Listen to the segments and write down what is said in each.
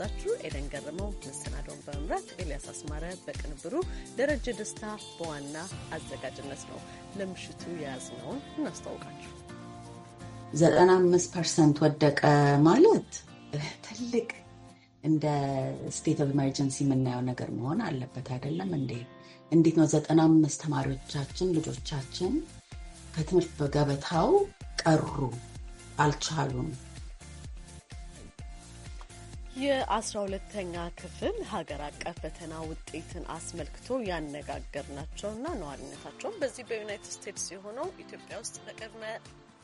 የጋበዛችሁ ኤደን ገረመው፣ መሰናዶውን በመምራት ኤልያስ አስማረ፣ በቅንብሩ ደረጀ ደስታ በዋና አዘጋጅነት ነው። ለምሽቱ የያዝነውን እናስታውቃችሁ። ዘጠና አምስት ፐርሰንት ወደቀ ማለት ትልቅ እንደ ስቴት ኦፍ ኢመርጀንሲ የምናየው ነገር መሆን አለበት አይደለም እንዴ? እንዴት ነው ዘጠና አምስት ተማሪዎቻችን ልጆቻችን ከትምህርት በገበታው ቀሩ አልቻሉም። የ12ተኛ ክፍል ሀገር አቀፍ ፈተና ውጤትን አስመልክቶ ያነጋገር ናቸውና ነዋሪነታቸውን በዚህ በዩናይትድ ስቴትስ የሆነው ኢትዮጵያ ውስጥ በቅድመ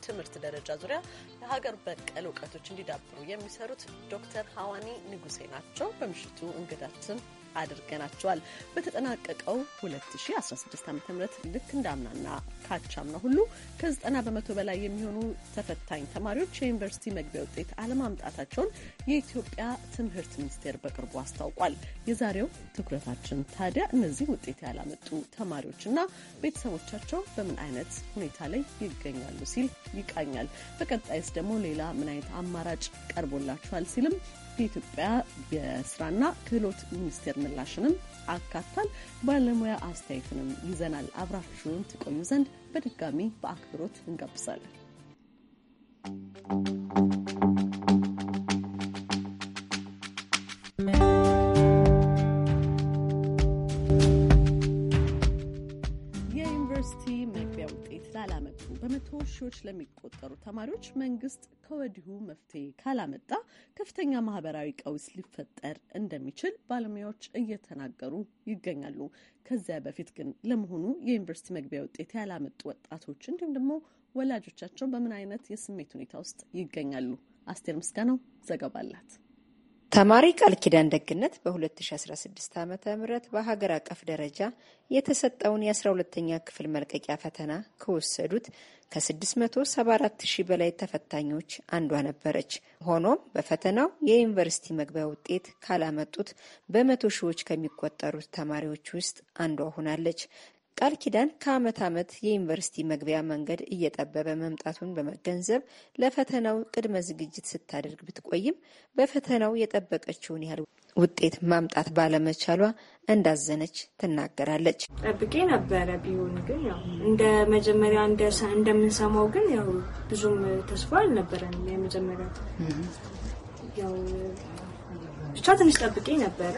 ትምህርት ደረጃ ዙሪያ የሀገር በቀል እውቀቶች እንዲዳብሩ የሚሰሩት ዶክተር ሀዋኒ ንጉሴ ናቸው። በምሽቱ እንግዳችን አድርገናቸዋል። በተጠናቀቀው 2016 ዓ ም ልክ እንዳምናና ካቻምና ሁሉ ከ90 በመቶ በላይ የሚሆኑ ተፈታኝ ተማሪዎች የዩኒቨርሲቲ መግቢያ ውጤት አለማምጣታቸውን የኢትዮጵያ ትምህርት ሚኒስቴር በቅርቡ አስታውቋል። የዛሬው ትኩረታችን ታዲያ እነዚህ ውጤት ያላመጡ ተማሪዎችና ቤተሰቦቻቸው በምን አይነት ሁኔታ ላይ ይገኛሉ ሲል ይቃኛል። በቀጣይስ ደግሞ ሌላ ምን አይነት አማራጭ ቀርቦላቸዋል ሲልም የኢትዮጵያ የስራና ክህሎት ሚኒስቴር ምላሽንም አካቷል። ባለሙያ አስተያየትንም ይዘናል። አብራችሁን ትቆዩ ዘንድ በድጋሚ በአክብሮት እንጋብዛለን። በሺዎች ለሚቆጠሩ ተማሪዎች መንግስት ከወዲሁ መፍትሄ ካላመጣ ከፍተኛ ማህበራዊ ቀውስ ሊፈጠር እንደሚችል ባለሙያዎች እየተናገሩ ይገኛሉ። ከዚያ በፊት ግን ለመሆኑ የዩኒቨርሲቲ መግቢያ ውጤት ያላመጡ ወጣቶች እንዲሁም ደግሞ ወላጆቻቸው በምን አይነት የስሜት ሁኔታ ውስጥ ይገኛሉ? አስቴር ምስጋናው ዘገባ አላት። ተማሪ ቃል ኪዳን ደግነት በ2016 ዓ ም ዓመተ በሀገር አቀፍ ደረጃ የተሰጠውን የ12ኛ ክፍል መልቀቂያ ፈተና ከወሰዱት ከ674 ሺህ በላይ ተፈታኞች አንዷ ነበረች። ሆኖም በፈተናው የዩኒቨርሲቲ መግቢያ ውጤት ካላመጡት በመቶ ሺዎች ከሚቆጠሩት ተማሪዎች ውስጥ አንዷ ሆናለች። ቃል ኪዳን ከአመት አመት የዩኒቨርሲቲ መግቢያ መንገድ እየጠበበ መምጣቱን በመገንዘብ ለፈተናው ቅድመ ዝግጅት ስታደርግ ብትቆይም በፈተናው የጠበቀችውን ያህል ውጤት ማምጣት ባለመቻሏ እንዳዘነች ትናገራለች። ጠብቄ ነበረ ቢሆን ግን ያው እንደ መጀመሪያ እንደምንሰማው ግን ያው ብዙም ተስፋ አልነበረንም። የመጀመሪያ ያው ብቻ ትንሽ ጠብቄ ነበረ።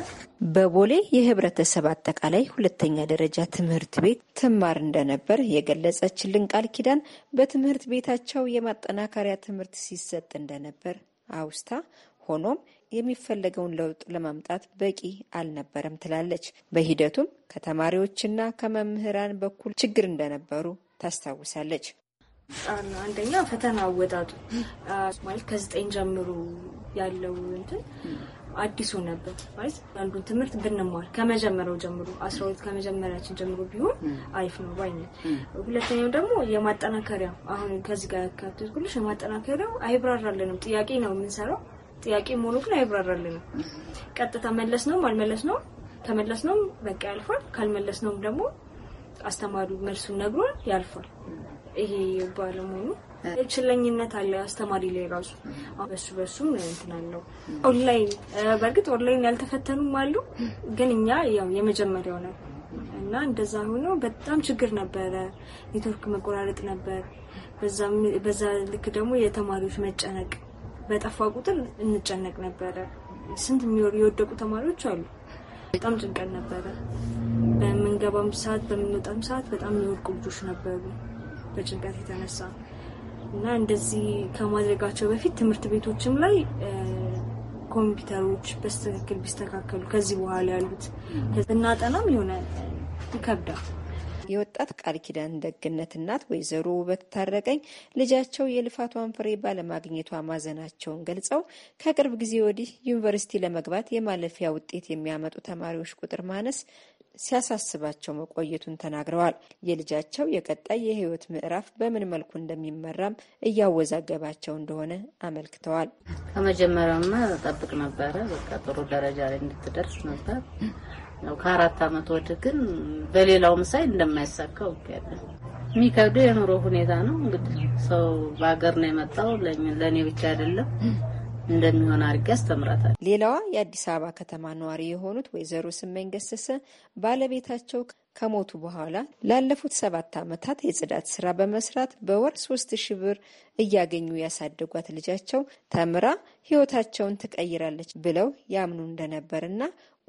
በቦሌ የህብረተሰብ አጠቃላይ ሁለተኛ ደረጃ ትምህርት ቤት ትማር እንደነበር የገለጸችልን ቃል ኪዳን በትምህርት ቤታቸው የማጠናከሪያ ትምህርት ሲሰጥ እንደነበር አውስታ ሆኖም የሚፈለገውን ለውጥ ለማምጣት በቂ አልነበረም ትላለች። በሂደቱም ከተማሪዎችና ከመምህራን በኩል ችግር እንደነበሩ ታስታውሳለች። አንደኛ ፈተና አወጣጡ ማለት ከዘጠኝ ጀምሮ ያለው እንትን አዲሱ ነበር ማለት አንዱን ትምህርት ብንማር ከመጀመሪያው ጀምሮ አስራ ሁለት ከመጀመሪያችን ጀምሮ ቢሆን አይፍ ነው ባይነት። ሁለተኛው ደግሞ የማጠናከሪያ አሁን ከዚህ ጋር ያካትትኩልሽ የማጠናከሪያው አይብራራልንም። ጥያቄ ነው የምንሰራው፣ ጥያቄ መሆኑ ግን አይብራራልንም። ቀጥታ መለስ ነው አልመለስ ነው ከመለስ ነው በቃ ያልፋል። ካልመለስ ነውም ደግሞ አስተማሪው መልሱን ነግሮን ያልፋል። ይሄ ባለመሆኑ ችለኝነት አለ አስተማሪ ላይ ራሱ በሱ በሱም እንትን አለው። ኦንላይን በእርግጥ ኦንላይን ያልተፈተኑም አሉ፣ ግን እኛ ያው የመጀመሪያው ነው እና እንደዛ ሆኖ በጣም ችግር ነበረ። ኔትወርክ መቆራረጥ ነበር። በዛ ልክ ደግሞ የተማሪዎች መጨነቅ በጠፋ ቁጥር እንጨነቅ ነበረ። ስንት የሚወሩ የወደቁ ተማሪዎች አሉ። በጣም ጭንቀት ነበረ። በምንገባም ሰዓት በምንወጣም ሰዓት በጣም የሚወድቁ ልጆች ነበሩ በጭንቀት የተነሳ እና እንደዚህ ከማድረጋቸው በፊት ትምህርት ቤቶችም ላይ ኮምፒውተሮች በስትክክል ቢስተካከሉ ከዚህ በኋላ ያሉት እናጠናም የሆነ ይከብዳል። የወጣት ቃል ኪዳን ደግነት እናት ወይዘሮ ውበት ታረቀኝ ልጃቸው የልፋቷን ፍሬ ባለማግኘቷ ማዘናቸውን ገልጸው ከቅርብ ጊዜ ወዲህ ዩኒቨርሲቲ ለመግባት የማለፊያ ውጤት የሚያመጡ ተማሪዎች ቁጥር ማነስ ሲያሳስባቸው መቆየቱን ተናግረዋል። የልጃቸው የቀጣይ የህይወት ምዕራፍ በምን መልኩ እንደሚመራም እያወዛገባቸው እንደሆነ አመልክተዋል። ከመጀመሪያውማ ጠብቅ ነበረ፣ በቃ ጥሩ ደረጃ ላይ እንድትደርስ ነበር። ከአራት ዓመት ወዲህ ግን በሌላው ምሳይ እንደማይሳካው ያለን የሚከብደው የኑሮ ሁኔታ ነው። እንግዲህ ሰው በሀገር ነው የመጣው ለእኔ ብቻ አይደለም እንደሚሆን አድርጌ አስተምራታል። ሌላዋ የአዲስ አበባ ከተማ ነዋሪ የሆኑት ወይዘሮ ስመኝ ገሰሰ ባለቤታቸው ከሞቱ በኋላ ላለፉት ሰባት ዓመታት የጽዳት ስራ በመስራት በወር ሶስት ሺ ብር እያገኙ ያሳደጓት ልጃቸው ተምራ ህይወታቸውን ትቀይራለች ብለው ያምኑ እንደነበርና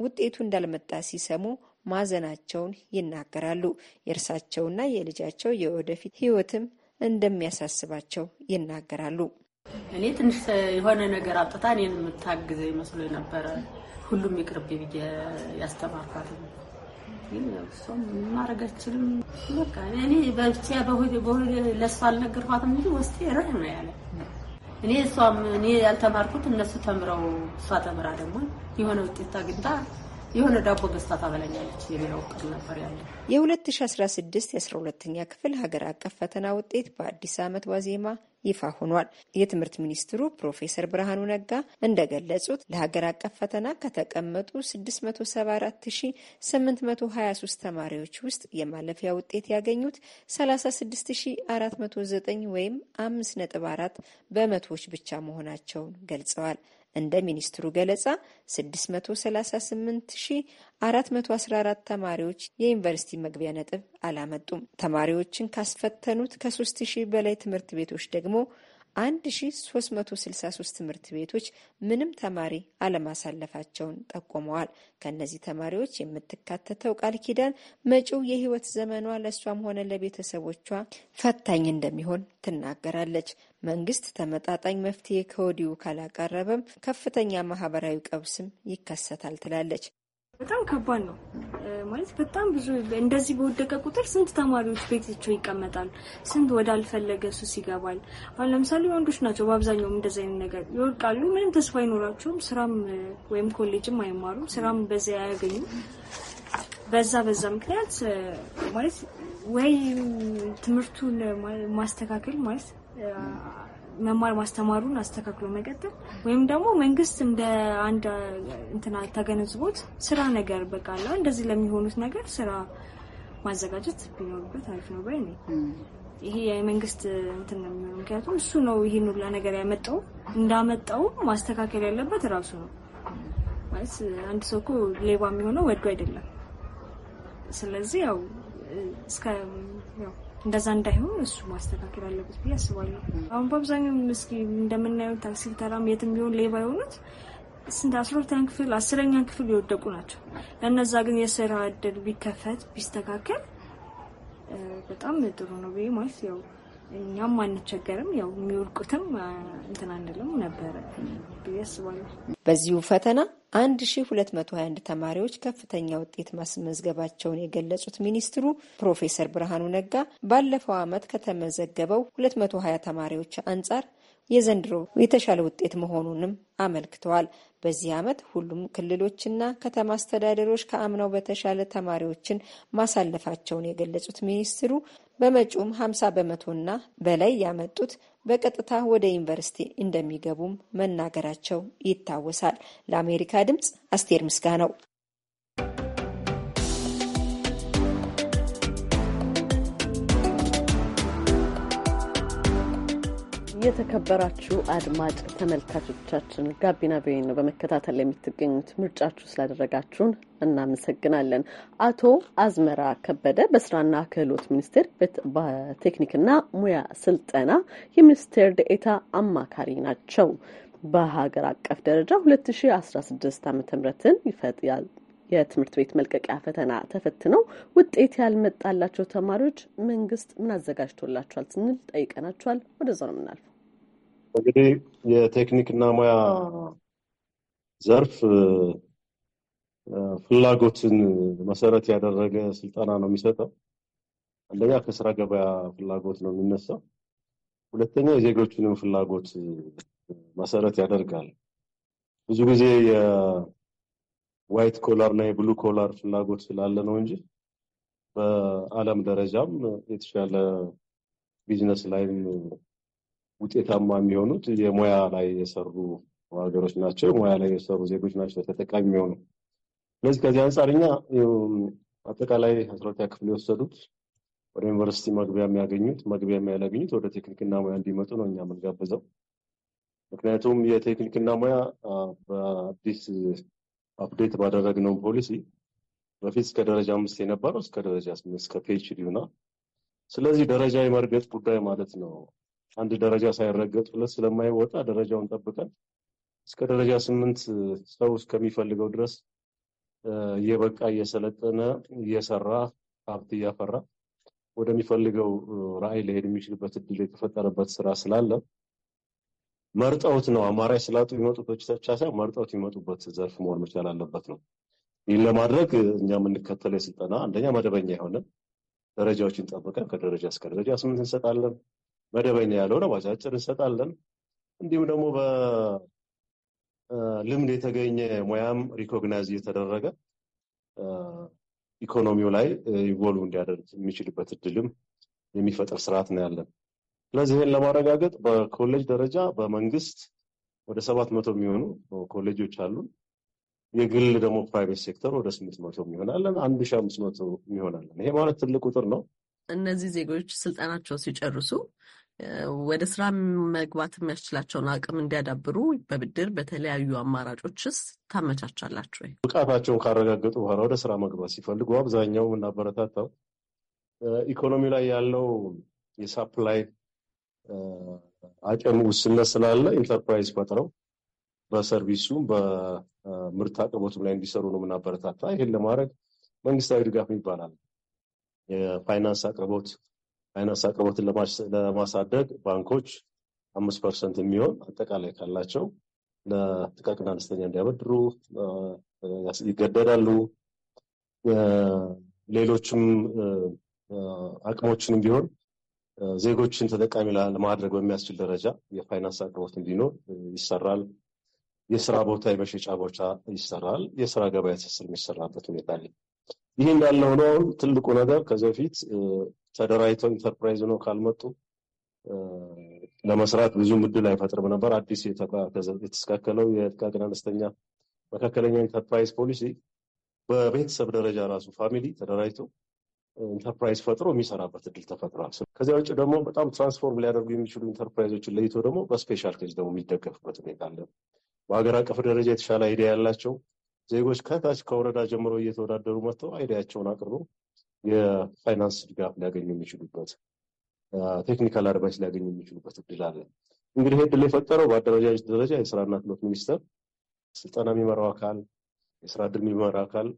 ውጤቱ እንዳልመጣ ሲሰሙ ማዘናቸውን ይናገራሉ። የእርሳቸውና የልጃቸው የወደፊት ህይወትም እንደሚያሳስባቸው ይናገራሉ። እኔ ትንሽ የሆነ ነገር አጥታ እኔን የምታግዘ ይመስሎ ነበረ። ሁሉም ይቅርብ ብዬ ያስተማርኳት ግን እሷም ማድረገችልም በቃ እኔ በብቻ ለእሷ አልነገርኳትም እንጂ ውስጤ ርህ ነው ያለ። እኔ እሷም እኔ ያልተማርኩት እነሱ ተምረው እሷ ተምራ ደግሞ የሆነ ውጤት አግኝታ የሆነ ዳቦ ገዝታ ታበላኛለች የሚለው እቅድ ነበር ያለ። የ2016 የ12ኛ ክፍል ሀገር አቀፍ ፈተና ውጤት በአዲስ ዓመት ዋዜማ ይፋ ሆኗል። የትምህርት ሚኒስትሩ ፕሮፌሰር ብርሃኑ ነጋ እንደገለጹት ለሀገር አቀፍ ፈተና ከተቀመጡ 674823 ተማሪዎች ውስጥ የማለፊያ ውጤት ያገኙት 36409 ወይም 5.4 በመቶዎች ብቻ መሆናቸውን ገልጸዋል። እንደ ሚኒስትሩ ገለጻ 638414 ተማሪዎች የዩኒቨርሲቲ መግቢያ ነጥብ አላመጡም። ተማሪዎችን ካስፈተኑት ከ3000 በላይ ትምህርት ቤቶች ደግሞ 1363 ትምህርት ቤቶች ምንም ተማሪ አለማሳለፋቸውን ጠቁመዋል። ከእነዚህ ተማሪዎች የምትካተተው ቃል ኪዳን መጪው የህይወት ዘመኗ ለእሷም ሆነ ለቤተሰቦቿ ፈታኝ እንደሚሆን ትናገራለች። መንግስት ተመጣጣኝ መፍትሄ ከወዲሁ ካላቀረበም ከፍተኛ ማህበራዊ ቀውስም ይከሰታል ትላለች። በጣም ከባድ ነው ማለት በጣም ብዙ እንደዚህ በወደቀ ቁጥር ስንት ተማሪዎች ቤታቸው ይቀመጣል፣ ስንት ወደ አልፈለገ ሱስ ይገባል። አሁን ለምሳሌ ወንዶች ናቸው በአብዛኛውም እንደዚ አይነት ነገር ይወድቃሉ። ምንም ተስፋ አይኖራቸውም። ስራም ወይም ኮሌጅም አይማሩም፣ ስራም በዛ አያገኙም። በዛ በዛ ምክንያት ማለት ወይ ትምህርቱን ማስተካከል ማለት መማር ማስተማሩን አስተካክሎ መቀጠል ወይም ደግሞ መንግስት እንደ አንድ እንትና ተገነዝቦት ስራ ነገር በቃ አለ እንደዚህ ለሚሆኑት ነገር ስራ ማዘጋጀት ቢኖርበት አሪፍ ነው ባይ ነኝ። ይሄ የመንግስት እንትን ነው የሚሆነው። ምክንያቱም እሱ ነው ይህን ሁላ ነገር ያመጣው። እንዳመጣው ማስተካከል ያለበት ራሱ ነው ማለት አንድ ሰው እኮ ሌባ የሚሆነው ወዶ አይደለም። ስለዚህ ያው እስከ ያው እንደዛ እንዳይሆን እሱ ማስተካከል አለበት ብዬ አስባለሁ። አሁን በአብዛኛው እስኪ እንደምናየው ታክሲ ተራም የትም ቢሆን ሌባ የሆኑት ስንት አስራ ሁለተኛ ክፍል አስረኛ ክፍል የወደቁ ናቸው። ለእነዛ ግን የስራ እድል ቢከፈት ቢስተካከል በጣም ጥሩ ነው ብዬ ማለት ያው እኛም አንቸገርም። ያው የሚወርቁትም እንትን አንልም ነበረ ብዬ በዚሁ ፈተና 1221 ተማሪዎች ከፍተኛ ውጤት ማስመዝገባቸውን የገለጹት ሚኒስትሩ ፕሮፌሰር ብርሃኑ ነጋ ባለፈው ዓመት ከተመዘገበው 220 ተማሪዎች አንጻር የዘንድሮ የተሻለ ውጤት መሆኑንም አመልክተዋል። በዚህ ዓመት ሁሉም ክልሎችና ከተማ አስተዳደሮች ከአምናው በተሻለ ተማሪዎችን ማሳለፋቸውን የገለጹት ሚኒስትሩ በመጪውም 50 በመቶና በላይ ያመጡት በቀጥታ ወደ ዩኒቨርሲቲ እንደሚገቡም መናገራቸው ይታወሳል። ለአሜሪካ ድምፅ አስቴር ምስጋ ነው የተከበራችሁ አድማጭ ተመልካቾቻችን ጋቢና ቤይን ነው በመከታተል የምትገኙት። ምርጫችሁ ስላደረጋችሁን እናመሰግናለን። አቶ አዝመራ ከበደ በስራና ክህሎት ሚኒስቴር በቴክኒክና ሙያ ስልጠና የሚኒስቴር ደኤታ አማካሪ ናቸው። በሀገር አቀፍ ደረጃ 2016 ዓ ምትን ይፈጥያል የትምህርት ቤት መልቀቂያ ፈተና ተፈትነው ውጤት ያልመጣላቸው ተማሪዎች መንግስት ምን አዘጋጅቶላቸዋል ስንል ጠይቀናቸዋል። ወደዛ ነው የምናልፈው። እንግዲህ የቴክኒክና ሙያ ዘርፍ ፍላጎትን መሰረት ያደረገ ስልጠና ነው የሚሰጠው። አንደኛ ከስራ ገበያ ፍላጎት ነው የሚነሳው። ሁለተኛ የዜጎችንም ፍላጎት መሰረት ያደርጋል። ብዙ ጊዜ የዋይት ኮላር እና የብሉ ኮላር ፍላጎት ስላለ ነው እንጂ በዓለም ደረጃም የተሻለ ቢዝነስ ላይም ውጤታማ የሚሆኑት የሙያ ላይ የሰሩ ሀገሮች ናቸው። ሙያ ላይ የሰሩ ዜጎች ናቸው ተጠቃሚ የሚሆኑ። ስለዚህ ከዚህ አንጻር እኛ አጠቃላይ አስራ ክፍል የወሰዱት ወደ ዩኒቨርሲቲ መግቢያ የሚያገኙት መግቢያ የሚያገኙት ወደ ቴክኒክና ሙያ እንዲመጡ ነው እኛ የምንጋብዘው። ምክንያቱም የቴክኒክና ሙያ በአዲስ አፕዴት ባደረግነው ፖሊሲ በፊት እስከ ደረጃ አምስት የነበረው እስከ ደረጃ ስምንት እስከ ፒኤችዲ ይሆናል። ስለዚህ ደረጃ የመርገጥ ጉዳይ ማለት ነው አንድ ደረጃ ሳይረገጥ ሁለት ስለማይወጣ ደረጃውን ጠብቀን እስከ ደረጃ ስምንት ሰው እስከሚፈልገው ድረስ እየበቃ እየሰለጠነ እየሰራ ሀብት እያፈራ ወደሚፈልገው ራዕይ ሊሄድ የሚችልበት እድል የተፈጠረበት ስራ ስላለ መርጠውት ነው አማራጭ ስላጡ የሚመጡት ብቻ ሳይሆን መርጠውት የሚመጡበት ዘርፍ መሆን መቻል አለበት ነው። ይህን ለማድረግ እኛ የምንከተለው የስልጠና አንደኛ መደበኛ የሆነ ደረጃዎችን ጠብቀን ከደረጃ እስከ ደረጃ ስምንት እንሰጣለን። መደበኛ ያልሆነ ባጫጭር እንሰጣለን። እንዲሁም ደግሞ በልምድ የተገኘ ሙያም ሪኮግናይዝ እየተደረገ ኢኮኖሚው ላይ ኢንቮልቭ እንዲያደርግ የሚችልበት እድልም የሚፈጥር ስርዓት ነው ያለን። ስለዚህ ይህን ለማረጋገጥ በኮሌጅ ደረጃ በመንግስት ወደ ሰባት መቶ የሚሆኑ ኮሌጆች አሉ። የግል ደግሞ ፕራይቬት ሴክተር ወደ ስምንት መቶ የሚሆናለን አንድ ሺ አምስት መቶ የሚሆናለን። ይሄ ማለት ትልቅ ቁጥር ነው። እነዚህ ዜጎች ስልጠናቸው ሲጨርሱ ወደ ስራ መግባት የሚያስችላቸውን አቅም እንዲያዳብሩ በብድር በተለያዩ አማራጮችስ ታመቻቻላችሁ ወይ? ብቃታቸውን ካረጋገጡ በኋላ ወደ ስራ መግባት ሲፈልጉ አብዛኛው የምናበረታታው ኢኮኖሚ ላይ ያለው የሳፕላይ አቅም ውስነት ስላለ ኢንተርፕራይዝ ፈጥረው በሰርቪሱም በምርት አቅርቦቱም ላይ እንዲሰሩ ነው የምናበረታታ። ይህን ለማድረግ መንግስታዊ ድጋፍ ይባላል የፋይናንስ አቅርቦት ፋይናንስ አቅርቦትን ለማሳደግ ባንኮች አምስት ፐርሰንት የሚሆን አጠቃላይ ካላቸው ለጥቃቅና አነስተኛ እንዲያበድሩ ይገደዳሉ። ሌሎችም አቅሞችንም ቢሆን ዜጎችን ተጠቃሚ ለማድረግ በሚያስችል ደረጃ የፋይናንስ አቅርቦት እንዲኖር ይሰራል። የስራ ቦታ የመሸጫ ቦታ ይሰራል። የስራ ገበያ ትስስር የሚሰራበት ሁኔታ አለ። ይህ እንዳለ ሆኖ አሁን ትልቁ ነገር ከዚህ በፊት ተደራጅተው ኢንተርፕራይዝ ነው ካልመጡ ለመስራት ብዙ እድል አይፈጥርም ነበር። አዲስ የተስተካከለው የጥቃቅን አነስተኛ መካከለኛ ኢንተርፕራይዝ ፖሊሲ በቤተሰብ ደረጃ ራሱ ፋሚሊ ተደራጅቶ ኢንተርፕራይዝ ፈጥሮ የሚሰራበት እድል ተፈጥሯል። ከዚያ ውጭ ደግሞ በጣም ትራንስፎርም ሊያደርጉ የሚችሉ ኢንተርፕራይዞችን ለይቶ ደግሞ በስፔሻል ኬዝ ደግሞ የሚደገፍበት ሁኔታ አለ። በሀገር አቀፍ ደረጃ የተሻለ አይዲያ ያላቸው ዜጎች ከታች ከወረዳ ጀምሮ እየተወዳደሩ መጥተው አይዲያቸውን አቅርበው የፋይናንስ ድጋፍ ሊያገኙ የሚችሉበት ቴክኒካል አድቫይስ ሊያገኙ የሚችሉበት እድል አለ። እንግዲህ ይህ እድል የፈጠረው በአደረጃጀት ደረጃ የስራና ክህሎት ሚኒስቴር ስልጠና የሚመራው አካል፣ የስራ እድል የሚመራ አካል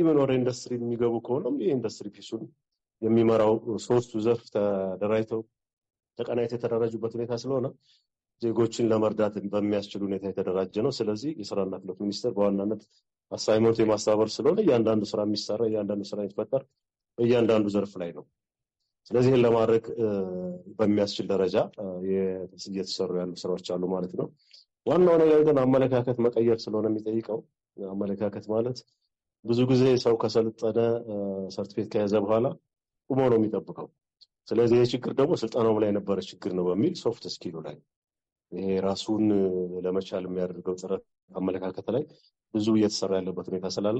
ኢቨን ወደ ኢንዱስትሪ የሚገቡ ከሆነም የኢንዱስትሪ ፒሱን የሚመራው ሶስቱ ዘርፍ ተደራጅተው ተቀናይተው የተደራጁበት ሁኔታ ስለሆነ ዜጎችን ለመርዳት በሚያስችል ሁኔታ የተደራጀ ነው። ስለዚህ የስራና ክህሎት ሚኒስቴር በዋናነት አሳይመንቱ የማስተባበር ስለሆነ እያንዳንዱ ስራ የሚሰራ እያንዳንዱ ስራ የሚፈጠር በእያንዳንዱ ዘርፍ ላይ ነው። ስለዚህ ይህን ለማድረግ በሚያስችል ደረጃ እየተሰሩ ያሉ ስራዎች አሉ ማለት ነው። ዋናው ነገር ግን አመለካከት መቀየር ስለሆነ የሚጠይቀው አመለካከት ማለት ብዙ ጊዜ ሰው ከሰለጠነ ሰርቲፊኬት ከያዘ በኋላ ቁሞ ነው የሚጠብቀው። ስለዚህ ይህ ችግር ደግሞ ስልጠናውም ላይ የነበረ ችግር ነው በሚል ሶፍት ስኪሉ ላይ ይሄ ራሱን ለመቻል የሚያደርገው ጥረት አመለካከት ላይ ብዙ እየተሰራ ያለበት ሁኔታ ስላለ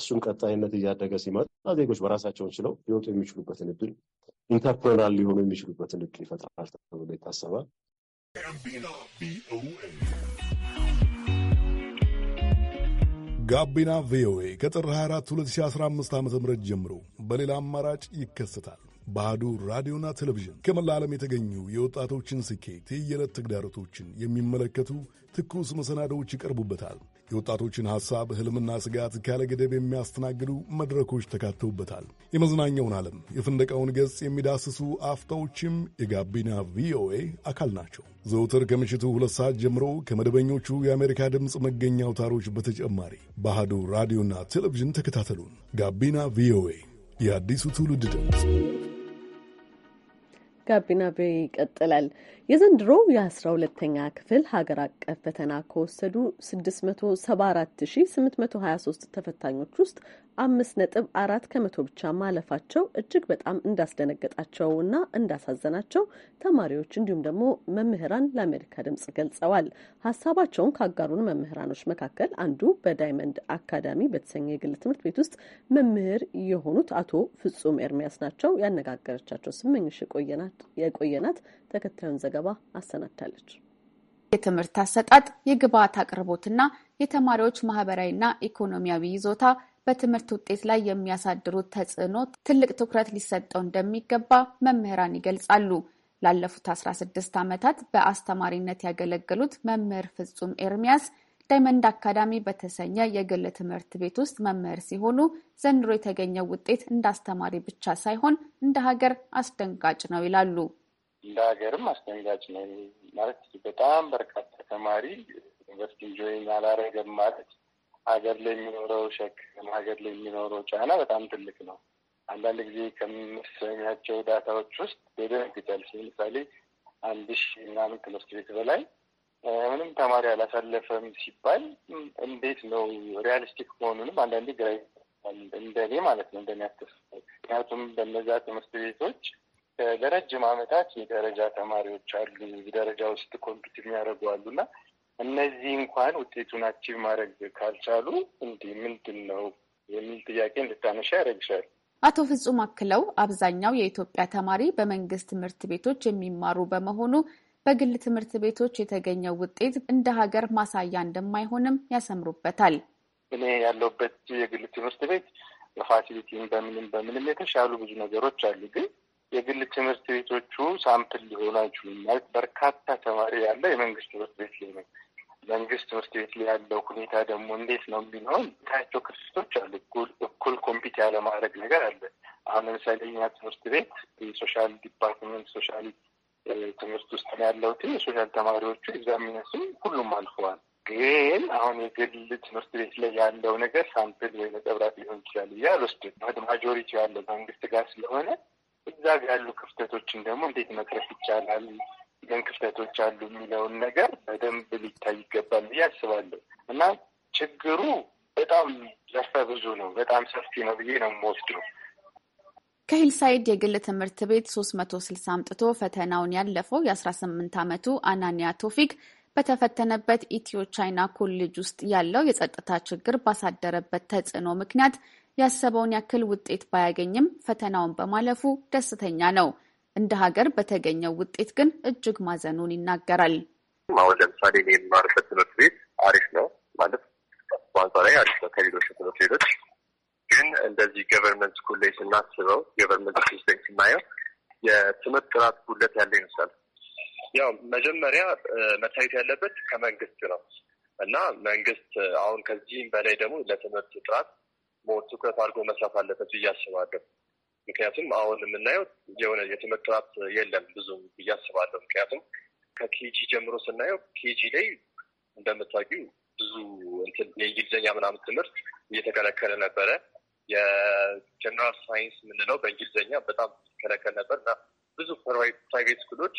እሱን ቀጣይነት እያደገ ሲመጣ ዜጎች በራሳቸውን ችለው ሊወጡ የሚችሉበትን እድል ኢንተርፕረናል ሊሆኑ የሚችሉበትን እድል ይፈጥራል ተብሎ ይታሰባል። ጋቢና ቪኦኤ ከጥር 24 2015 ዓ ም ጀምሮ በሌላ አማራጭ ይከሰታል። ባህዱ ራዲዮና ቴሌቪዥን ከመላ ዓለም የተገኙ የወጣቶችን ስኬት፣ የየዕለት ተግዳሮቶችን የሚመለከቱ ትኩስ መሰናዶዎች ይቀርቡበታል። የወጣቶችን ሐሳብ፣ ሕልምና ስጋት ካለ ገደብ የሚያስተናግዱ መድረኮች ተካተውበታል። የመዝናኛውን ዓለም፣ የፍንደቃውን ገጽ የሚዳስሱ አፍታዎችም የጋቢና ቪኦኤ አካል ናቸው። ዘውትር ከምሽቱ ሁለት ሰዓት ጀምሮ ከመደበኞቹ የአሜሪካ ድምፅ መገኛ አውታሮች በተጨማሪ ባህዶ ራዲዮና ቴሌቪዥን ተከታተሉን። ጋቢና ቪኦኤ የአዲሱ ትውልድ ድምፅ ጋቢና ቪኦኤ ይቀጥላል። የዘንድሮው የአስራ ሁለተኛ ክፍል ሀገር አቀፍ ፈተና ከወሰዱ 674823 ተፈታኞች ውስጥ አምስት ነጥብ አራት ከመቶ ብቻ ማለፋቸው እጅግ በጣም እንዳስደነገጣቸው እና እንዳሳዘናቸው ተማሪዎች እንዲሁም ደግሞ መምህራን ለአሜሪካ ድምጽ ገልጸዋል። ሀሳባቸውን ካጋሩን መምህራኖች መካከል አንዱ በዳይመንድ አካዳሚ በተሰኘ የግል ትምህርት ቤት ውስጥ መምህር የሆኑት አቶ ፍጹም ኤርሚያስ ናቸው። ያነጋገረቻቸው ስመኝሽ የቆየናት ተከታዩን ዘገባ አሰናድታለች። የትምህርት አሰጣጥ፣ የግብዓት አቅርቦትና የተማሪዎች ማህበራዊና ኢኮኖሚያዊ ይዞታ በትምህርት ውጤት ላይ የሚያሳድሩት ተጽዕኖ ትልቅ ትኩረት ሊሰጠው እንደሚገባ መምህራን ይገልጻሉ። ላለፉት 16 ዓመታት በአስተማሪነት ያገለገሉት መምህር ፍጹም ኤርሚያስ ዳይመንድ አካዳሚ በተሰኘ የግል ትምህርት ቤት ውስጥ መምህር ሲሆኑ ዘንድሮ የተገኘው ውጤት እንዳስተማሪ ብቻ ሳይሆን እንደ ሀገር አስደንጋጭ ነው ይላሉ። እንደ ሀገርም አስደንጋጭ ነው ማለት በጣም በርካታ ተማሪ ዩኒቨርሲቲ ጆይን አላረገም ማለት ሀገር ላይ የሚኖረው ሸክም፣ ሀገር ላይ የሚኖረው ጫና በጣም ትልቅ ነው። አንዳንድ ጊዜ ከምሰሚያቸው ዳታዎች ውስጥ ይደነግጣልሽ። ለምሳሌ አንድ ሺ ምናምን ትምህርት ቤት በላይ ምንም ተማሪ አላሳለፈም ሲባል እንዴት ነው ሪያሊስቲክ መሆኑንም አንዳንዴ ግራ እንደኔ ማለት ነው እንደሚያስተስ ምክንያቱም በነዛ ትምህርት ቤቶች ለረጅም ዓመታት የደረጃ ተማሪዎች አሉ። ደረጃ ውስጥ ኮምፒውተር የሚያደርጉ አሉ እና እነዚህ እንኳን ውጤቱን አቺቭ ማድረግ ካልቻሉ እንዲህ ምንድን ነው የሚል ጥያቄ እንድታነሻ ያደረግሻል። አቶ ፍጹም አክለው አብዛኛው የኢትዮጵያ ተማሪ በመንግስት ትምህርት ቤቶች የሚማሩ በመሆኑ በግል ትምህርት ቤቶች የተገኘው ውጤት እንደ ሀገር ማሳያ እንደማይሆንም ያሰምሩበታል። እኔ ያለሁበት የግል ትምህርት ቤት በፋሲሊቲም በምንም በምንም የተሻሉ ብዙ ነገሮች አሉ ግን የግል ትምህርት ቤቶቹ ሳምፕል ሊሆኑ አይችሉም። ማለት በርካታ ተማሪ ያለ የመንግስት ትምህርት ቤት ላይ ነው። መንግስት ትምህርት ቤት ላይ ያለው ሁኔታ ደግሞ እንዴት ነው የሚለውን ታያቸው ክርስቶች አሉ። እኩል ኮምፒት ያለማድረግ ነገር አለ። አሁን ለምሳሌ እኛ ትምህርት ቤት የሶሻል ዲፓርትመንት ሶሻል ትምህርት ውስጥ ነው ያለሁት። የሶሻል ተማሪዎቹ ኤግዛሚነስም ሁሉም አልፈዋል። ግን አሁን የግል ትምህርት ቤት ላይ ያለው ነገር ሳምፕል ወይ ነጠብራት ሊሆን ይችላል እያ ልወስድ ማጆሪቲ ያለው መንግስት ጋር ስለሆነ እዛ ጋ ያሉ ክፍተቶችን ደግሞ እንዴት መቅረፍ ይቻላል፣ ግን ክፍተቶች አሉ የሚለውን ነገር በደንብ ሊታይ ይገባል ብዬ አስባለሁ እና ችግሩ በጣም ዘርፈ ብዙ ነው፣ በጣም ሰፊ ነው ብዬ ነው የምወስደው። ከሂልሳይድ የግል ትምህርት ቤት 360 አምጥቶ ፈተናውን ያለፈው የ18 ዓመቱ አናኒያ ቶፊክ በተፈተነበት ኢትዮ ቻይና ኮሌጅ ውስጥ ያለው የጸጥታ ችግር ባሳደረበት ተጽዕኖ ምክንያት ያሰበውን ያክል ውጤት ባያገኝም ፈተናውን በማለፉ ደስተኛ ነው። እንደ ሀገር በተገኘው ውጤት ግን እጅግ ማዘኑን ይናገራል። አሁን ለምሳሌ እኔ የምማርበት ትምህርት ቤት አሪፍ ነው ማለት በአንሳ ላይ አሪፍ ነው ከሌሎች ትምህርት ቤቶች ግን እንደዚህ ገቨርንመንት ስኩል ላይ ስናስበው ገቨርንመንት ስኩል ላይ ስናየው የትምህርት ጥራት ጉድለት ያለ ይመስላል። ያው መጀመሪያ መታየት ያለበት ከመንግስት ነው እና መንግስት አሁን ከዚህም በላይ ደግሞ ለትምህርት ጥራት ትኩረት አድርጎ መስራት አለበት ብዬ አስባለሁ። ምክንያቱም አሁን የምናየው የሆነ የትምህርት ጥራት የለም ብዙም ብዬ አስባለሁ። ምክንያቱም ከኬጂ ጀምሮ ስናየው ኬጂ ላይ እንደምታውቂው ብዙ የእንግሊዝኛ ምናምን ትምህርት እየተከለከለ ነበረ። የጀነራል ሳይንስ የምንለው በእንግሊዝኛ በጣም ይከለከል ነበር እና ብዙ ፕራይቬት ስኩሎች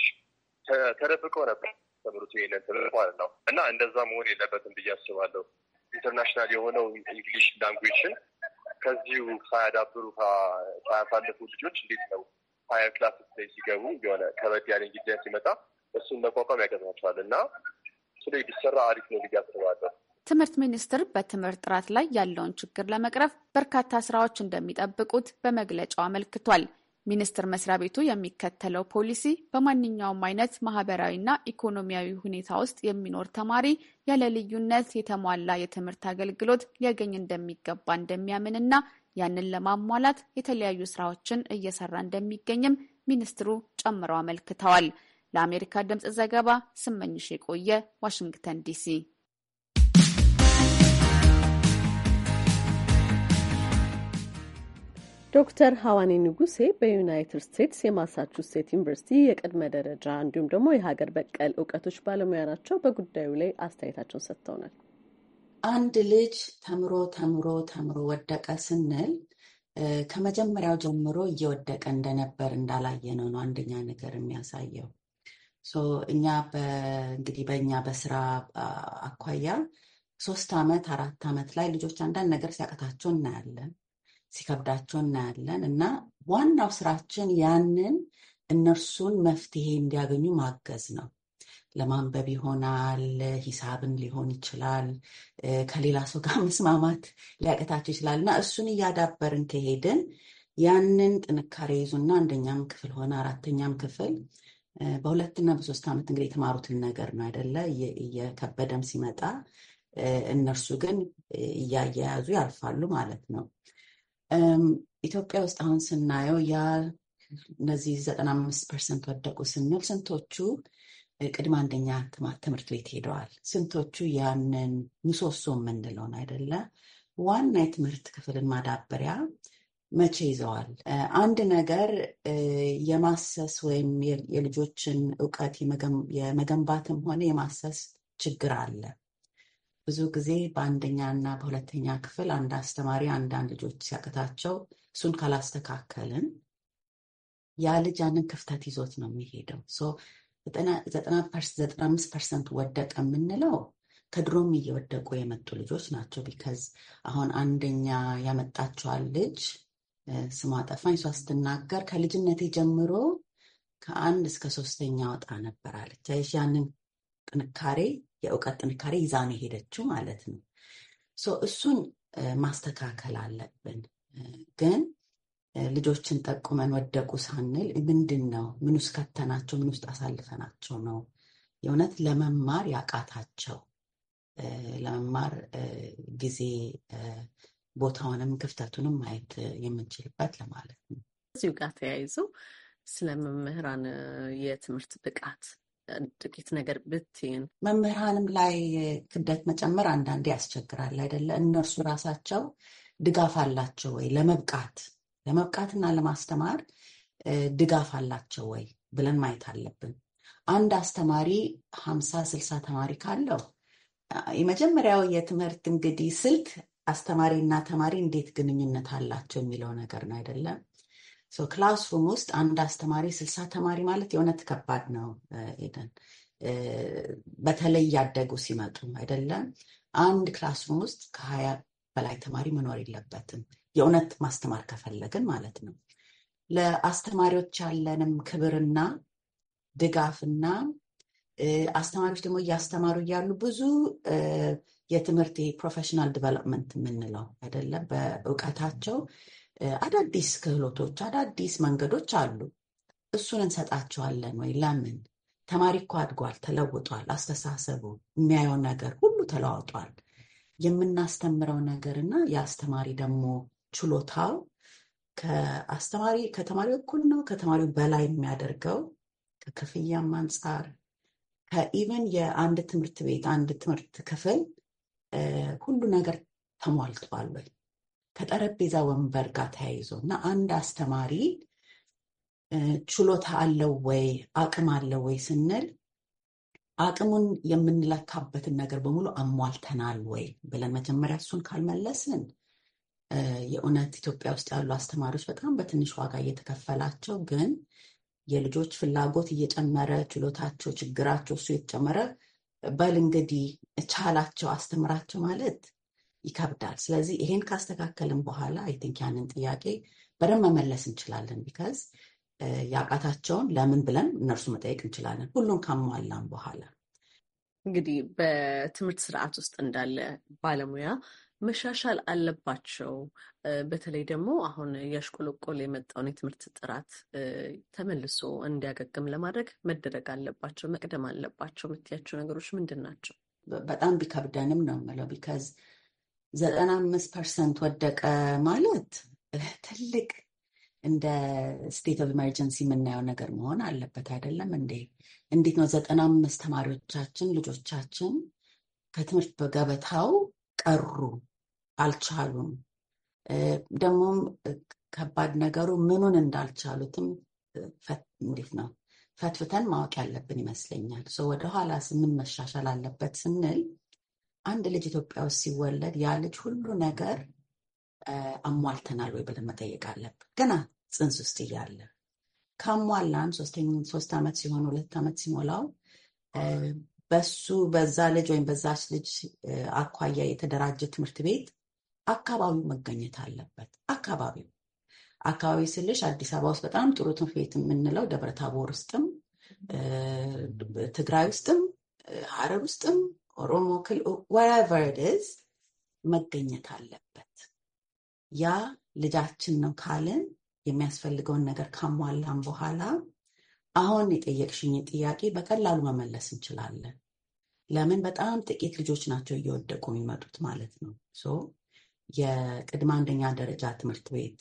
ተደብቀው ነበር ተምሩት ይሄንን ትምህርት ማለት ነው እና እንደዛ መሆን የለበትም ብዬ አስባለሁ። ኢንተርናሽናል የሆነው ኢንግሊሽ ላንጉዌጅን ከዚሁ ሳያዳብሩ ሳያሳልፉ ልጆች እንዴት ነው ሀያር ክላስ ላይ ሲገቡ የሆነ ከበድ ያለ ጊዜ ሲመጣ እሱን መቋቋም ያገባቸዋል እና ስለ ቢሰራ አሪፍ ነው ብዬ አስባለሁ። ትምህርት ሚኒስቴር በትምህርት ጥራት ላይ ያለውን ችግር ለመቅረፍ በርካታ ስራዎች እንደሚጠብቁት በመግለጫው አመልክቷል። ሚኒስቴር መስሪያ ቤቱ የሚከተለው ፖሊሲ በማንኛውም አይነት ማህበራዊና ኢኮኖሚያዊ ሁኔታ ውስጥ የሚኖር ተማሪ ያለ ልዩነት የተሟላ የትምህርት አገልግሎት ሊያገኝ እንደሚገባ እንደሚያምንና ያንን ለማሟላት የተለያዩ ስራዎችን እየሰራ እንደሚገኝም ሚኒስትሩ ጨምረው አመልክተዋል። ለአሜሪካ ድምፅ ዘገባ ስመኝሽ የቆየ ዋሽንግተን ዲሲ። ዶክተር ሀዋኔ ንጉሴ በዩናይትድ ስቴትስ የማሳቹሴት ዩኒቨርሲቲ የቅድመ ደረጃ እንዲሁም ደግሞ የሀገር በቀል እውቀቶች ባለሙያ ናቸው። በጉዳዩ ላይ አስተያየታቸውን ሰጥተውናል። አንድ ልጅ ተምሮ ተምሮ ተምሮ ወደቀ ስንል ከመጀመሪያው ጀምሮ እየወደቀ እንደነበር እንዳላየነው ነው አንደኛ ነገር የሚያሳየው። እኛ እንግዲህ በእኛ በስራ አኳያ ሶስት ዓመት አራት ዓመት ላይ ልጆች አንዳንድ ነገር ሲያቀታቸው እናያለን። ሲከብዳቸው እናያለን እና ዋናው ስራችን ያንን እነርሱን መፍትሄ እንዲያገኙ ማገዝ ነው። ለማንበብ ይሆናል፣ ሂሳብን ሊሆን ይችላል፣ ከሌላ ሰው ጋር መስማማት ሊያቀታቸው ይችላል እና እሱን እያዳበርን ከሄድን ያንን ጥንካሬ ይዙና አንደኛም ክፍል ሆነ አራተኛም ክፍል በሁለትና በሶስት ዓመት እንግዲህ የተማሩትን ነገር ነው አይደለ? እየከበደም ሲመጣ እነርሱ ግን እያያያዙ ያልፋሉ ማለት ነው። ኢትዮጵያ ውስጥ አሁን ስናየው ያ እነዚህ ዘጠና አምስት ፐርሰንት ወደቁ ስንል ስንቶቹ ቅድመ አንደኛ ትምህርት ቤት ሄደዋል? ስንቶቹ ያንን ምሰሶ የምንለውን አይደለ ዋና የትምህርት ክፍልን ማዳበሪያ መቼ ይዘዋል? አንድ ነገር የማሰስ ወይም የልጆችን እውቀት የመገንባትም ሆነ የማሰስ ችግር አለ። ብዙ ጊዜ በአንደኛ እና በሁለተኛ ክፍል አንድ አስተማሪ አንዳንድ ልጆች ሲያቅታቸው እሱን ካላስተካከልን ያ ልጅ ያንን ክፍተት ይዞት ነው የሚሄደው። ዘጠና አምስት ፐርሰንት ወደቀ የምንለው ከድሮም እየወደቁ የመጡ ልጆች ናቸው። ቢከዝ አሁን አንደኛ ያመጣችዋል ልጅ ስሟ ጠፋኝ። እሷ ስትናገር ከልጅነቴ ጀምሮ ከአንድ እስከ ሶስተኛ ወጣ ነበር አለች። ያንን ጥንካሬ የእውቀት ጥንካሬ ይዛ ነው የሄደችው ማለት ነው። እሱን ማስተካከል አለብን። ግን ልጆችን ጠቁመን ወደቁ ሳንል ምንድን ነው ምን ውስጥ ከተናቸው ምን ውስጥ አሳልፈናቸው ነው የእውነት ለመማር ያቃታቸው ለመማር ጊዜ ቦታውንም ክፍተቱንም ማየት የምንችልበት ለማለት ነው። እዚሁ ጋር ተያይዘው ስለ መምህራን የትምህርት ብቃት ጥቂት ነገር ብትይን። መምህራንም ላይ ክብደት መጨመር አንዳንዴ ያስቸግራል አይደለ? እነርሱ ራሳቸው ድጋፍ አላቸው ወይ ለመብቃት ለመብቃትና ለማስተማር ድጋፍ አላቸው ወይ ብለን ማየት አለብን። አንድ አስተማሪ ሀምሳ ስልሳ ተማሪ ካለው የመጀመሪያው የትምህርት እንግዲህ ስልት አስተማሪና ተማሪ እንዴት ግንኙነት አላቸው የሚለው ነገር ነው አይደለም። ክላስሩም ውስጥ አንድ አስተማሪ ስልሳ ተማሪ ማለት የእውነት ከባድ ነው። ኤደን በተለይ ያደጉ ሲመጡ አይደለም አንድ ክላስሩም ውስጥ ከሀያ በላይ ተማሪ መኖር የለበትም የእውነት ማስተማር ከፈለግን ማለት ነው። ለአስተማሪዎች ያለንም ክብርና ድጋፍና አስተማሪዎች ደግሞ እያስተማሩ እያሉ ብዙ የትምህርት ፕሮፌሽናል ዲቨሎፕመንት የምንለው አይደለም በእውቀታቸው አዳዲስ ክህሎቶች፣ አዳዲስ መንገዶች አሉ። እሱን እንሰጣቸዋለን ወይ? ለምን ተማሪ እኮ አድጓል፣ ተለውጧል። አስተሳሰቡ የሚያየው ነገር ሁሉ ተለዋውጧል። የምናስተምረው ነገርና የአስተማሪ ደግሞ ችሎታው ከአስተማሪ ከተማሪ እኩል ነው። ከተማሪው በላይ የሚያደርገው ከክፍያም አንጻር ከኢቨን የአንድ ትምህርት ቤት አንድ ትምህርት ክፍል ሁሉ ነገር ተሟልቷል ወይ ከጠረጴዛ ወንበር ጋር ተያይዞ እና አንድ አስተማሪ ችሎታ አለው ወይ አቅም አለው ወይ ስንል አቅሙን የምንለካበትን ነገር በሙሉ አሟልተናል ወይ ብለን መጀመሪያ እሱን ካልመለስን የእውነት ኢትዮጵያ ውስጥ ያሉ አስተማሪዎች በጣም በትንሽ ዋጋ እየተከፈላቸው ግን የልጆች ፍላጎት እየጨመረ ችሎታቸው፣ ችግራቸው እሱ የተጨመረ በል እንግዲህ ቻላቸው አስተምራቸው ማለት ይከብዳል። ስለዚህ ይሄን ካስተካከልን በኋላ አይ ቲንክ ያንን ጥያቄ በደንብ መመለስ እንችላለን። ቢካዝ ያቃታቸውን ለምን ብለን እነርሱ መጠየቅ እንችላለን። ሁሉን ካሟላን በኋላ እንግዲህ በትምህርት ስርዓት ውስጥ እንዳለ ባለሙያ መሻሻል አለባቸው። በተለይ ደግሞ አሁን እያሽቆለቆለ የመጣውን የትምህርት ጥራት ተመልሶ እንዲያገግም ለማድረግ መደረግ አለባቸው፣ መቅደም አለባቸው የምትያቸው ነገሮች ምንድን ናቸው? በጣም ቢከብደንም ነው የምለው ቢካዝ ዘጠና አምስት ፐርሰንት ወደቀ ማለት ትልቅ እንደ ስቴት ኦፍ ኢመርጀንሲ የምናየው ነገር መሆን አለበት አይደለም እንዴ? እንዴት ነው ዘጠና አምስት ተማሪዎቻችን ልጆቻችን ከትምህርት በገበታው ቀሩ አልቻሉም። ደግሞም ከባድ ነገሩ ምኑን እንዳልቻሉትም እንዴት ነው ፈትፍተን ማወቅ ያለብን ይመስለኛል። ወደኋላ ምን መሻሻል አለበት ስንል አንድ ልጅ ኢትዮጵያ ውስጥ ሲወለድ ያ ልጅ ሁሉ ነገር አሟልተናል ወይ ብለን መጠየቅ አለብን። ገና ጽንስ ውስጥ እያለ ካሟላን ሶስት ዓመት ሲሆን ሁለት ዓመት ሲሞላው በሱ በዛ ልጅ ወይም በዛች ልጅ አኳያ የተደራጀ ትምህርት ቤት አካባቢው መገኘት አለበት። አካባቢው አካባቢ ስልሽ አዲስ አበባ ውስጥ በጣም ጥሩ ትምህርት ቤት የምንለው ደብረ ታቦር ውስጥም፣ ትግራይ ውስጥም፣ ሀረር ውስጥም ኦሮሞ ወራቨር ኢትስ መገኘት አለበት። ያ ልጃችን ነው ካልን የሚያስፈልገውን ነገር ካሟላን በኋላ አሁን የጠየቅሽኝ ጥያቄ በቀላሉ መመለስ እንችላለን። ለምን በጣም ጥቂት ልጆች ናቸው እየወደቁ የሚመጡት ማለት ነው። የቅድመ አንደኛ ደረጃ ትምህርት ቤት፣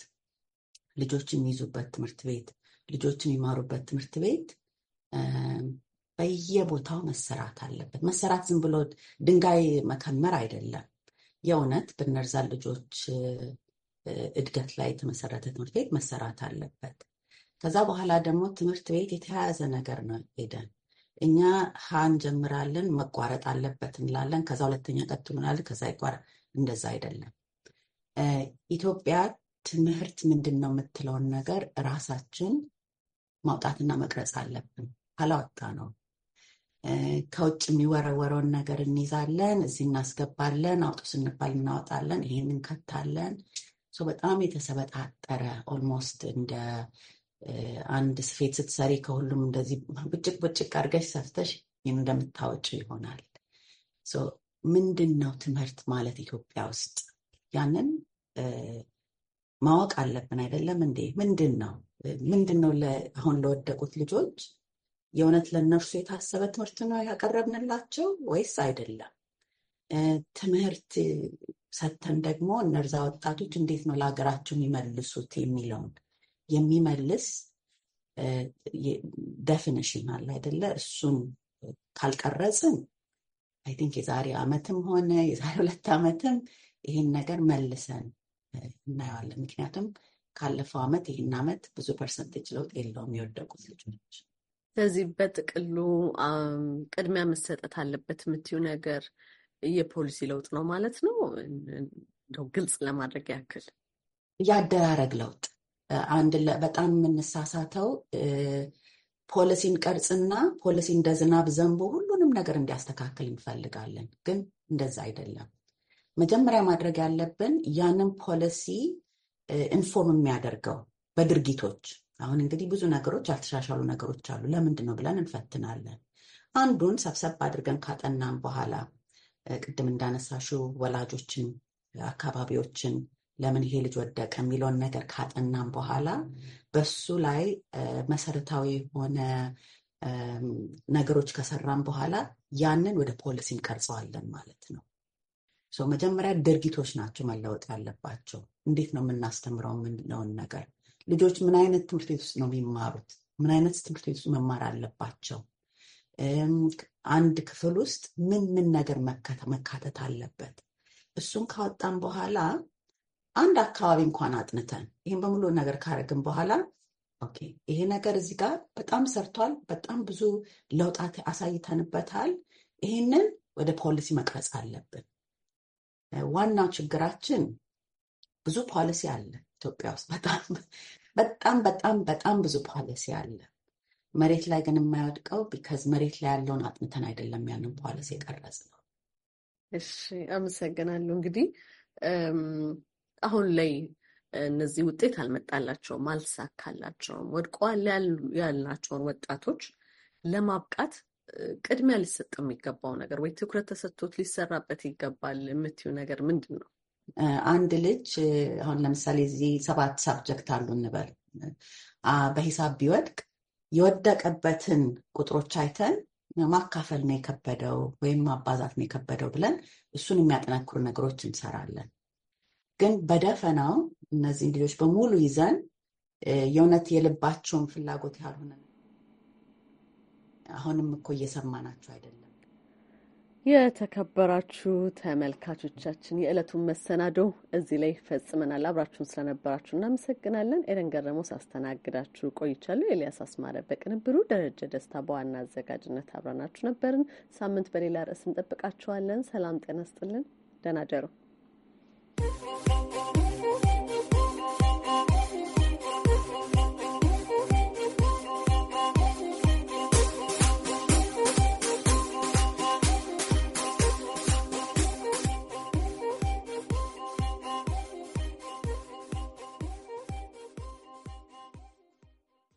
ልጆች የሚይዙበት ትምህርት ቤት፣ ልጆች የሚማሩበት ትምህርት ቤት በየቦታው መሰራት አለበት። መሰራት ዝም ብሎ ድንጋይ መከመር አይደለም። የእውነት ብነርዛ ልጆች እድገት ላይ የተመሰረተ ትምህርት ቤት መሰራት አለበት። ከዛ በኋላ ደግሞ ትምህርት ቤት የተያያዘ ነገር ነው። ሄደን እኛ ሀ እንጀምራለን መቋረጥ አለበት እንላለን። ከዛ ሁለተኛ ቀጥሉ ከዛ ይቋረ እንደዛ አይደለም። ኢትዮጵያ ትምህርት ምንድን ነው የምትለውን ነገር ራሳችን ማውጣትና መቅረጽ አለብን። አላወጣ ነው ከውጭ የሚወረወረውን ነገር እንይዛለን፣ እዚህ እናስገባለን፣ አውጡ ስንባል እናወጣለን፣ ይህን እንከታለን። በጣም የተሰበጣጠረ ኦልሞስት እንደ አንድ ስፌት ስትሰሪ ከሁሉም እንደዚህ ብጭቅ ብጭቅ አድርገሽ ሰፍተሽ ይህን እንደምታወጩ ይሆናል። ምንድን ነው ትምህርት ማለት ኢትዮጵያ ውስጥ ያንን ማወቅ አለብን አይደለም እንዴ? ምንድን ነው ምንድን ነው አሁን ለወደቁት ልጆች የእውነት ለእነርሱ የታሰበ ትምህርት ነው ያቀረብንላቸው ወይስ አይደለም? ትምህርት ሰጥተን ደግሞ እነርዛ ወጣቶች እንዴት ነው ለሀገራቸው የሚመልሱት የሚለውን የሚመልስ ደፊኒሽን አለ አይደለ? እሱን ካልቀረጽን አይ ቲንክ የዛሬ ዓመትም ሆነ የዛሬ ሁለት ዓመትም ይህን ነገር መልሰን እናየዋለን። ምክንያቱም ካለፈው ዓመት ይህን ዓመት ብዙ ፐርሰንቴጅ ለውጥ የለውም የወደቁት ልጆች ስለዚህ በጥቅሉ ቅድሚያ መሰጠት አለበት የምትዩ ነገር የፖሊሲ ለውጥ ነው ማለት ነው። እንደው ግልጽ ለማድረግ ያክል የአደራረግ ለውጥ አንድ በጣም የምንሳሳተው ፖሊሲን ቀርጽና ፖሊሲ እንደ ዝናብ ዘንቦ ሁሉንም ነገር እንዲያስተካክል እንፈልጋለን። ግን እንደዛ አይደለም። መጀመሪያ ማድረግ ያለብን ያንን ፖሊሲ ኢንፎርም የሚያደርገው በድርጊቶች አሁን እንግዲህ ብዙ ነገሮች ያልተሻሻሉ ነገሮች አሉ። ለምንድን ነው ብለን እንፈትናለን። አንዱን ሰብሰብ አድርገን ካጠናን በኋላ ቅድም እንዳነሳሹ ወላጆችን፣ አካባቢዎችን ለምን ይሄ ልጅ ወደቀ የሚለውን ነገር ካጠናን በኋላ በሱ ላይ መሰረታዊ የሆነ ነገሮች ከሰራን በኋላ ያንን ወደ ፖሊሲ እንቀርጸዋለን ማለት ነው። መጀመሪያ ድርጊቶች ናቸው መለወጥ ያለባቸው። እንዴት ነው የምናስተምረው የምንለውን ነገር ልጆች ምን አይነት ትምህርት ቤት ውስጥ ነው የሚማሩት? ምን አይነት ትምህርት ቤት ውስጥ መማር አለባቸው? አንድ ክፍል ውስጥ ምን ምን ነገር መካተት አለበት? እሱን ካወጣን በኋላ አንድ አካባቢ እንኳን አጥንተን ይህን በሙሉ ነገር ካረግን በኋላ ኦኬ ይሄ ነገር እዚህ ጋር በጣም ሰርቷል፣ በጣም ብዙ ለውጣት አሳይተንበታል። ይህንን ወደ ፖሊሲ መቅረጽ አለብን። ዋናው ችግራችን ብዙ ፖሊሲ አለ ኢትዮጵያ ውስጥ በጣም በጣም በጣም በጣም ብዙ ፖሊሲ አለ። መሬት ላይ ግን የማይወድቀው ቢካዝ መሬት ላይ ያለውን አጥንተን አይደለም ያንን ፖሊሲ የቀረጽ ነው። እሺ፣ አመሰግናለሁ። እንግዲህ አሁን ላይ እነዚህ ውጤት አልመጣላቸውም፣ አልሳካላቸውም፣ ወድቀዋል ያልናቸውን ወጣቶች ለማብቃት ቅድሚያ ሊሰጥ የሚገባው ነገር ወይ ትኩረት ተሰጥቶት ሊሰራበት ይገባል የምትዩ ነገር ምንድን ነው? አንድ ልጅ አሁን ለምሳሌ እዚህ ሰባት ሳብጀክት አሉ እንበል በሂሳብ ቢወድቅ የወደቀበትን ቁጥሮች አይተን ማካፈል ነው የከበደው ወይም ማባዛት ነው የከበደው ብለን እሱን የሚያጠናክሩ ነገሮች እንሰራለን። ግን በደፈናው እነዚህን ልጆች በሙሉ ይዘን የእውነት የልባቸውን ፍላጎት ያልሆነ አሁንም እኮ እየሰማናቸው አይደለም። የተከበራችሁ ተመልካቾቻችን የዕለቱን መሰናዶ እዚህ ላይ ፈጽመናል። አብራችሁን ስለነበራችሁ እናመሰግናለን። ኤደን ገረመው ሳስተናግዳችሁ ቆይቻለሁ። ኤልያስ አስማረ በቅንብሩ፣ ደረጀ ደስታ በዋና አዘጋጅነት አብረናችሁ ነበርን። ሳምንት በሌላ ርዕስ እንጠብቃችኋለን። ሰላም ጤና ስጥልን። ደህና ደሩ።